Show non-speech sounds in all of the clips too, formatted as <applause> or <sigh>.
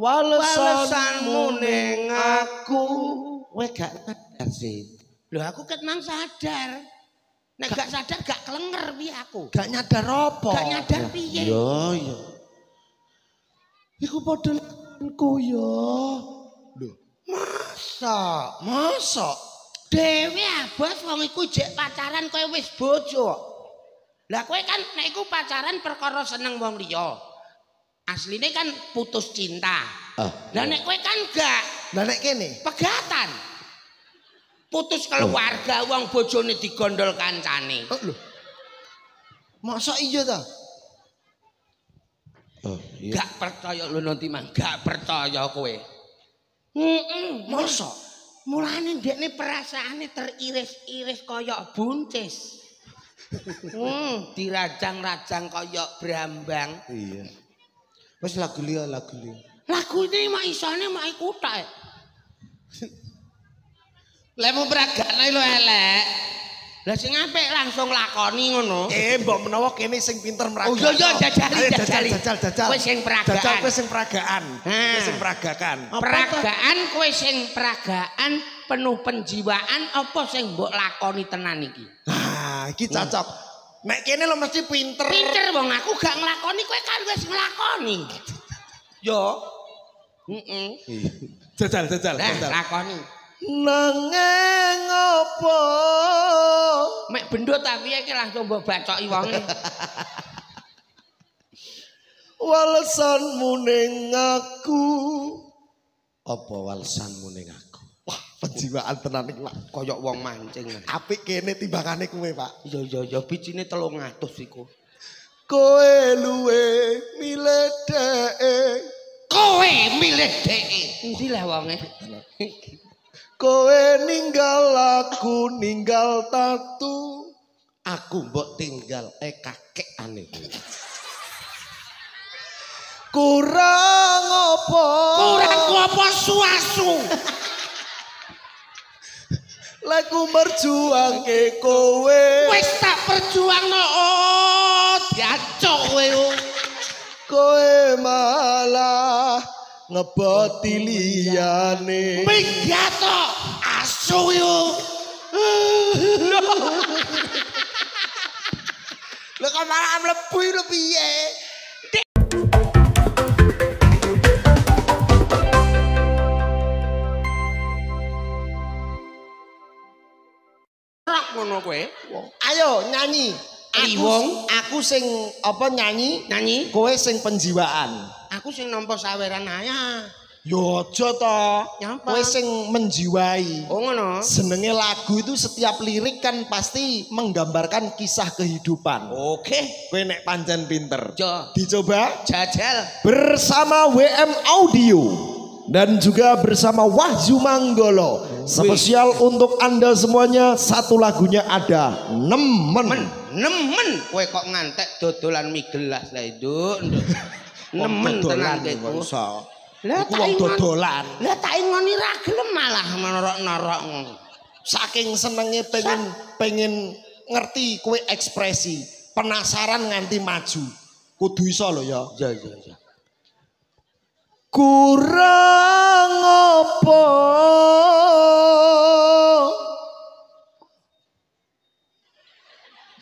walesanmu ning aku we gak sadar sih Loh aku kan nang sadar nek gak sadar gak kelenger pi aku gak nyadar apa gak nyadar piye yo iya. iku padha ku yo lho masa masa dhewe abot wong iku jek pacaran kowe wis bojo lah kowe kan nek iku pacaran perkara seneng wong liya Asline kan putus cinta. Ah, lah nek kowe kan enggak. Lah nek kene? Pegatan. Putus keluarga oh. wong bojone digondol kancane. Oh, lho. Masa iya ta? Oh, iya. Gak percaya lu nanti mah, gak percaya kowe. Heeh, masa? Mulane ndekne perasaane teriris-iris kaya buncis. <laughs> hmm, dirajang-rajang kaya brambang. Iya. Wes lagu liya lagu liya. Lagu iki mak isane mak iku tak. Lah mau beragane lho elek. Lah sing apik langsung lakoni ngono. Eh mbok menawa kene sing pinter meragakan. Oh iya iya jajali jajali. sing peragaan. Jajal kowe sing peragaan. Kowe sing peragakan. Peragaan kowe sing peragaan penuh penjiwaan apa sing mbok lakoni tenan iki? Nah, iki cocok. Mek kene lo mesti pinter. Pinter wong aku gak nglakoni kowe kan wis nglakoni. Yo. Heeh. Mm jajal -mm. jajal jajal. Nah, lakoni. Nangeng opo? Mek bendho ta piye iki langsung mbok bacoki wonge. <laughs> Walesanmu ning aku. Apa walesanmu ning aku? kejiwaan tenan iki lak koyo wong mancing. Apik kene timbangane kuwe, Pak. Iya iya iya bijine 300 iku. Koe luwe milih dheke. Koe milih dheke. Endi lah wonge? Koe ninggal aku ninggal tatu. Aku mbok tinggal eh kakek aneh. Kurang apa? Kurang apa suasu? Lagu berjuang ke kowe Wes tak berjuang no oh, Diacok we oh. Kowe malah Ngeboti liyane Minggato Asu yo Lho kok malah mlebu lho piye? kowe? Ayo nyanyi. Aku, aku sing apa nyanyi? Nyanyi. Kowe sing penjiwaan. Aku sing nampa saweran aja. Yo aja to. Kowe sing menjiwai. Oh ngono. Senenge lagu itu setiap lirik kan pasti menggambarkan kisah kehidupan. Oke. Okay. Kowe nek pancen pinter. Jo. Dicoba jajal bersama WM Audio dan juga bersama Wahyu Manggolo. Spesial untuk Anda semuanya satu lagunya ada nemen. Nemen, nemen. kowe kok ngantek dodolan mi gelas lah itu. <laughs> nemen tenan kowe. Lah tak wong dodolan. Lah tak ingoni ra gelem malah menorok norok Saking senenge pengen pengen ngerti kowe ekspresi, penasaran nganti maju. Kudu iso lho ya. Iya iya iya. kurang apa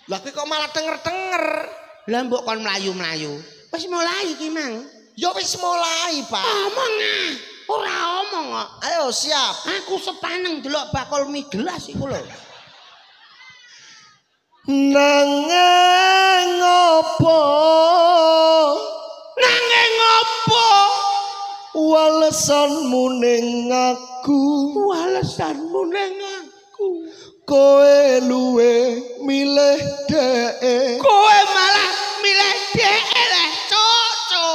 Lagi kok malah denger-denger. Lah mbok kon mlayu-mlayu. Wis mulai iki, Mang. Ya wis mulai, Pak. Omong ah. Ora omong Ayo siap. Aku sepaneng delok bakul mi gelas iku lho. Nangis. walesanmu ning aku walesanmu ning aku koe luwe milih dee kowe malah milih dee le coco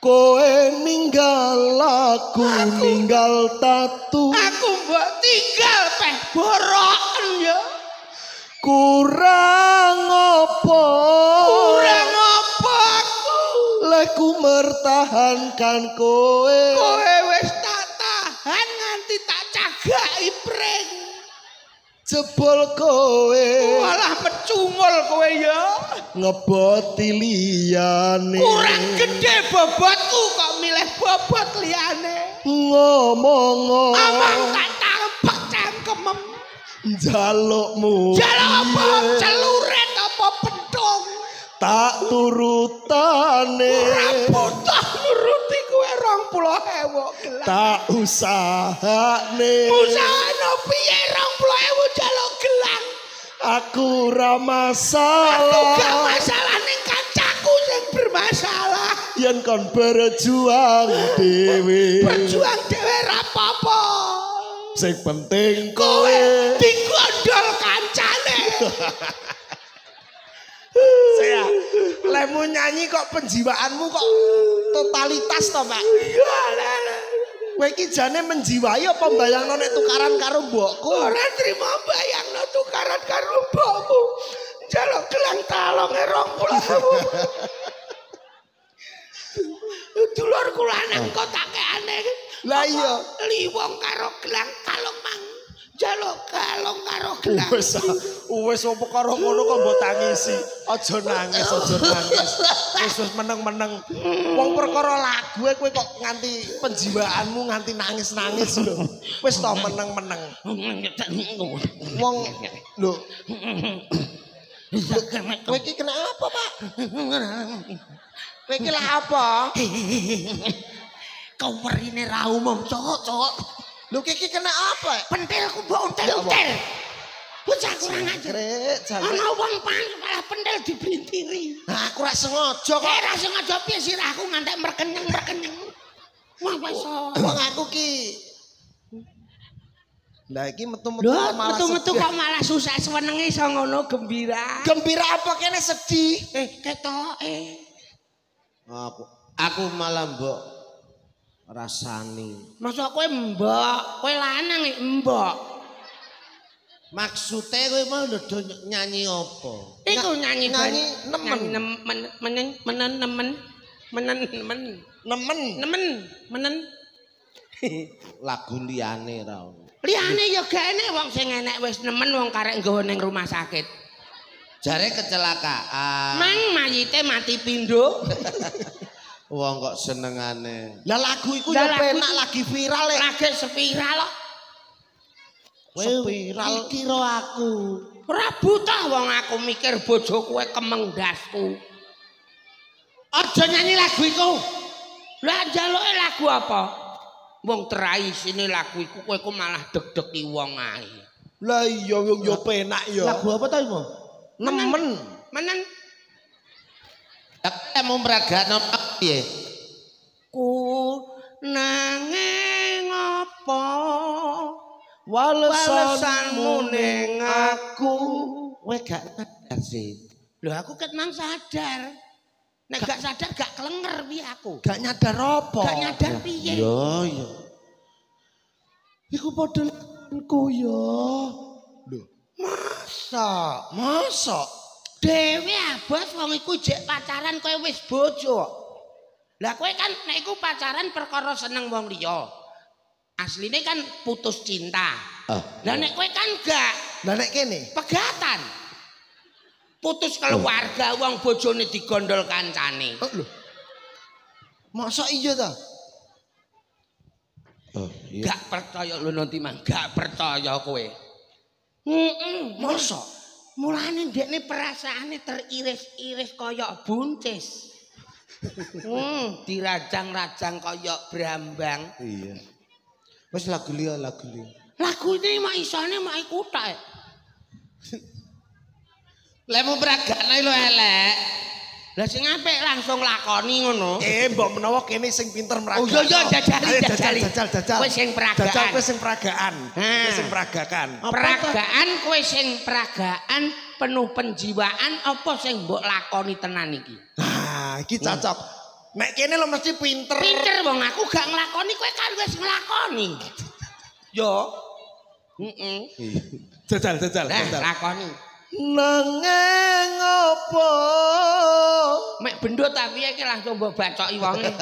kowe ninggal aku, aku ninggal tatu aku mbok tinggal peh boroken ya kurang opo tahankan kowe. Kowe wis tak tahan nganti tak cagaki pring. Jebol kowe. Walah pecungul kowe ya. Ngeboti liyane. Kurang gede bobotku kok milih bobot liyane. Ngomong. Amang tak tampak cangkem. Jalukmu. Jaluk apa? Celuret apa pedong? Tak turutane. Ora rong gelang. Tak usaha nih. Usaha no piye rong pulau hewo jalo gelang. Aku masalah, Aku gak masalah nih kancaku yang bermasalah. Yang kon berjuang dewe. Berjuang dewe rapopo. Sing penting kowe. Tinggal dol kancane. <laughs> Lemu nyanyi kok penjiwaanmu kok totalitas to, Pak? Kowe iki jane menjiwai apa mbayangno nek tukaran karo mbokku? Ora trimo mbayangno tukaran karo mbokmu. Jaluk gelang talonge 20.000. <laughs> Dulur kula nang kota kene. Lah iya, liwong karo gelang talong mang. Jaluk kalong karo gelang. wis opo karo ngono kok mbok tangisi. Aja nangis, aja nangis. Wis wis meneng-meneng. Wong perkara lagu e kowe kok nganti penjiwaanmu nganti nangis-nangis lho. Wis to meneng-meneng. Wong lho. Kowe kena apa Pak? Kowe iki lah apa? Kau merine ra umum, cok, cok. Lho kiki kena apa? Pentilku mbok untel-untel. Bocah kurang ajar. Ana wong pang kepala pendel dibrintiri. Ha aku ora sengaja kok. Eh Ora sengaja piye sirah aku ngantek merkeneng merkeneng. Wong oh, iso. Wong aku ki. Lah iki metu-metu malah metu-metu kok malah susah senenge iso ngono gembira. Gembira apa kene sedih? Eh ketoke. Ah, aku aku malah mbok rasani. Masa kowe mbok, kowe lanang mbok. Maksude kowe mau nyanyi apa? Iku nyanyi nyanyi nemen nemen menen nemen menen nemen nemen nemen menen <laughs> lagu liyane ra ono. Liyane ya gak enek wong sing enek wis nemen wong karek nggawa ning rumah sakit. Jare kecelakaan. Mang mayite mati pindho. <laughs> wong kok senengane. Lah lagu iku ya penak lagi viral. Lagi viral kok. spiral kira aku ora butuh wong aku mikir bojo kowe kemengdasku aja nyanyi lagu iku lha njaluke lagu apa wong terai sini lagu iku kowe kok malah deg-degi wong ae lha iya wong yo penak yo lagu apa ta iku nemen menen Aku mau meragakno piye? Ku nanging apa walesanmu ning aku we gak sadar sih lho aku ketenang sadar nek gak, sadar gak kelenger piye aku gak nyadar apa gak nyadar piye yo yo iku padha yo lho masa masa dhewe abot wong iku jek pacaran kowe wis bojo lah kowe kan nek iku pacaran perkara seneng wong liya Aslinya kan putus cinta. Oh. Lah nek kan gak. Nenek nek kene pegatan. Putus keluarga oh. uang bojone digondol kancane. Oh, loh. Masa iya ta? Oh, iya. Gak percaya lu nanti mah, gak percaya kue. mm -mm, masa mulane ini perasaannya teriris-iris koyok buncis. <laughs> hmm, dirajang-rajang koyok brambang. Iya. Wis lagu liya lagu liya. Lagu iki mak isane mak iku tak. Lah mau beragane lho elek. Lah sing apik langsung lakoni ngono. Eh mbok menawa kene sing pinter meragakan. Oh iya iya jajali jajali. Jajal Kowe sing peragaan. kowe sing peragaan. Kowe sing peragakan. Peragaan kowe sing peragaan penuh penjiwaan apa sing mbok lakoni tenan iki? Ah iki cocok. Mek kene lo mesti pinter. Pinter wong aku gak nglakoni kowe kan wis nglakoni. Yo. Heeh. Mm -mm. jajal jajal nah, jajal. Lakoni. Nangeng opo? Mek bendo ta piye iki langsung mbok bacoki wonge.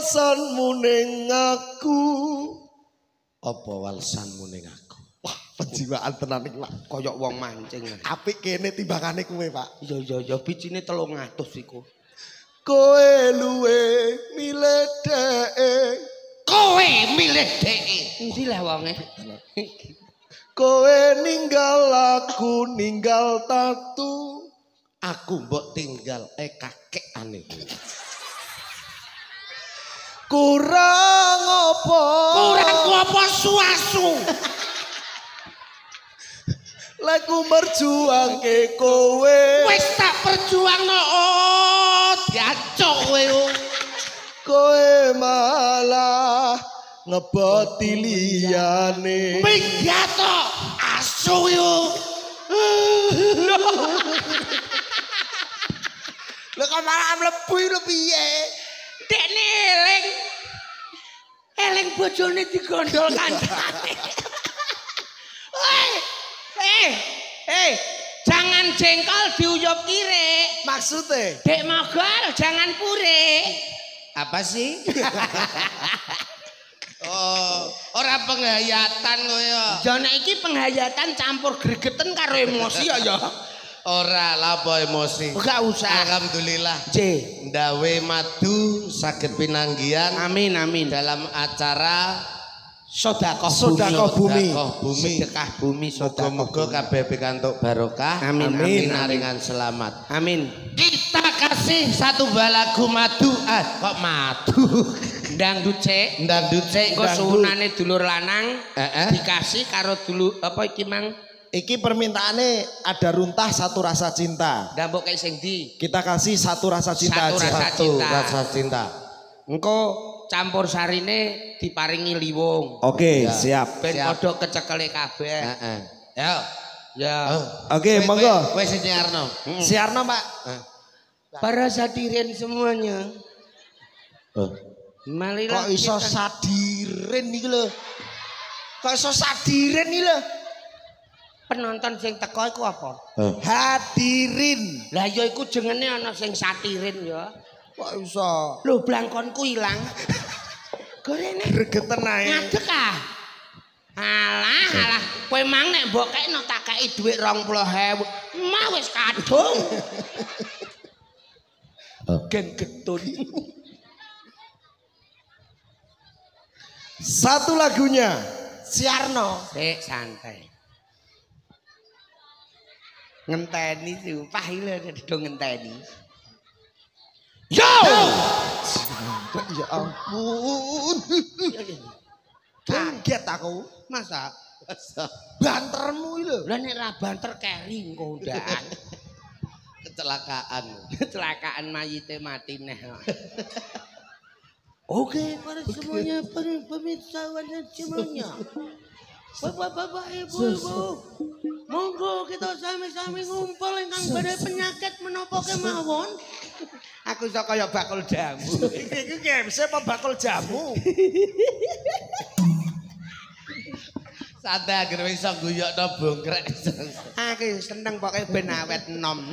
<laughs> ning aku. Apa walesanmu ning Kejiwaan tenan iki lak koyok wong mancing. Apik kene timbangane kuwe, Pak. Iya iya iya bijine 300 iku. Kowe lue, milih dheke. Kowe milih dheke. Endi lah wonge? Kowe ninggal aku ninggal tatu. Aku mbok tinggal e kakek aneh. Kurang apa? Kurang apa suasu? Lagu berjuang ke kowe Wes tak berjuang no oh, Diacok we oh. Kowe malah Ngebati liyane Minggi to Asu yo Lho Lho kok malah mlebu lho piye Dek ni eling Eling bojone digondol kancane <laughs> jengkol diuyup kire. Maksudnya? Dek mogol jangan pure. Apa sih? <laughs> oh, orang penghayatan kok Ya jana iki penghayatan campur gregeten karo emosi ya ya. Ora lapo emosi. Enggak usah. Alhamdulillah. C. dawe madu sakit pinanggian. Amin amin. Dalam acara Sodakoh sodakoh bumi. Sodakoh bumi. Sedekah bumi sodakoh. moga muga kabeh pikantuk barokah. Amin. Amin. Naringan selamat. Amin. Kita kasih satu balagu madu. Ah, kok madu? <laughs> Dangdut cek. Dangdut cek. Kok suhunane dulur lanang. Eh, eh. Dikasih karo dulu apa iki mang? Iki permintaannya ada runtah satu rasa cinta. Dan mbok kayak sing di. Kita kasih satu rasa cinta. Satu aja. rasa cinta. Satu rasa cinta. Engko campur sarine diparingi liwung. Oke, okay, ya. siap. Ben padha kecekele kabeh. Heeh. Ya. Ya. Oh. Oke, okay, monggo. Wis siarno. Hmm. Siarno, Pak. Para sadirin semuanya. Oh. Marilah Kok iso kita... sadirin iki lho. Kok iso sadirin iki lho. penonton sing teko iku apa? Oh. Hadirin. Lah ya iku jengene ana sing satirin ya. Pak iso. Lho blangkonku ilang. <laughs> Gorene. Gregeten ae. Ngadek ah. Alah, alah. Kowe mang nek mbok kekno tak kei dhuwit 20.000. Mah wis kadung. <laughs> Oh. Geng getun. <laughs> Satu lagunya Siarno. Sik santai. Ngenteni sumpah lho dong ngenteni. Yo! Ya ampun. Kaget aku. Masa? Bantermu itu. Lah nek ra banter kering kok udah. <laughs> Kecelakaan. Kecelakaan mayite mati neh. <laughs> Oke, para semuanya, para pemirsa dan semuanya. Bapak-bapak, ibu-ibu, monggo kita sami-sami ngumpul ingkang pada penyakit menopo kemawon. Aku iso kaya bakul jamu. Iki iki KFC apa bakul jamu? Santai akhir guyok guyokno bongkrek. Aku seneng pokoke ben awet enom.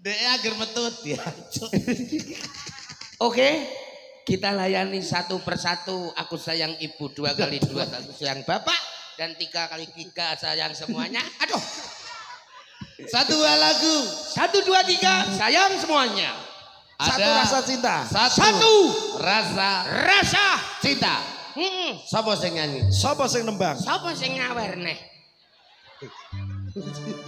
Dek akhir metu ya. Oke, kita layani satu persatu. Aku sayang ibu dua kali dua, satu sayang bapak dan tiga kali tiga sayang semuanya. Aduh, satu dua lagu, satu dua tiga sayang semuanya. Ada satu rasa cinta. Satu, satu rasa rasa cinta. Heeh. Mm -mm. Sapa sing nyanyi? sopo sing nembang? sopo sing ngawerne? <laughs>